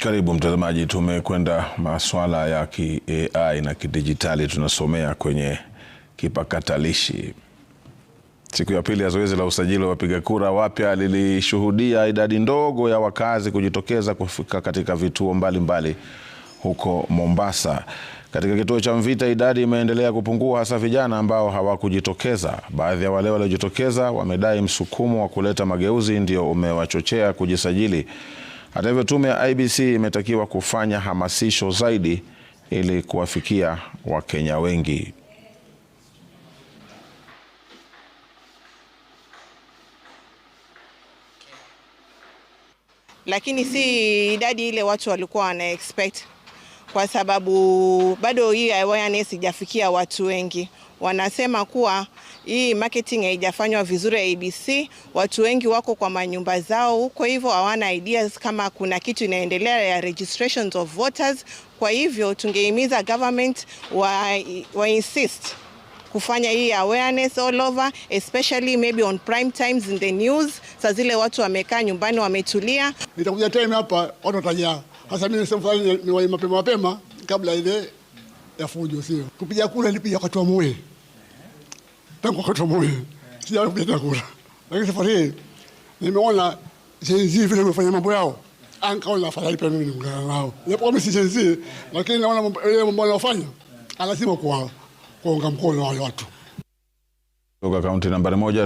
Karibu mtazamaji, tumekwenda masuala ya kiai na kidijitali, tunasomea kwenye kipakatalishi. Siku ya pili ya zoezi la usajili wa wapiga kura wapya lilishuhudia idadi ndogo ya wakazi kujitokeza kufika katika vituo mbalimbali mbali huko Mombasa. Katika kituo cha Mvita idadi imeendelea kupungua, hasa vijana ambao hawakujitokeza. Baadhi ya wale waliojitokeza wamedai msukumo wa kuleta mageuzi ndio umewachochea kujisajili. Hata hivyo, tume ya IEBC imetakiwa kufanya hamasisho zaidi ili kuwafikia Wakenya wengi. Lakini si idadi ile watu walikuwa wana expect kwa sababu bado hii awareness ijafikia watu wengi. Wanasema kuwa hii marketing haijafanywa vizuri ABC. Watu wengi wako kwa manyumba zao huko, hivyo hawana ideas kama kuna kitu inaendelea ya registrations of voters. Kwa hivyo tungeimiza government wa, wa insist kufanya hii awareness all over especially maybe on prime times in the news, saa zile watu wamekaa nyumbani wametulia. Nitakuja time hapa watu watajaa Hasa mimi nisema ni niwahi mapema mapema kabla ile ya fujo, sio kupiga kura. Nilipiga wakati wa moyo. tangu wakati wa Moi sijawahi kupiga kura, lakini safari hii nimeona jinsi vile wamefanya mambo yao, Anka wala afadhali pia mimi niungana nao, japo mimi si jenzi, lakini naona ile mambo wanayofanya lazima kuunga mkono wale watu kutoka kaunti nambari moja.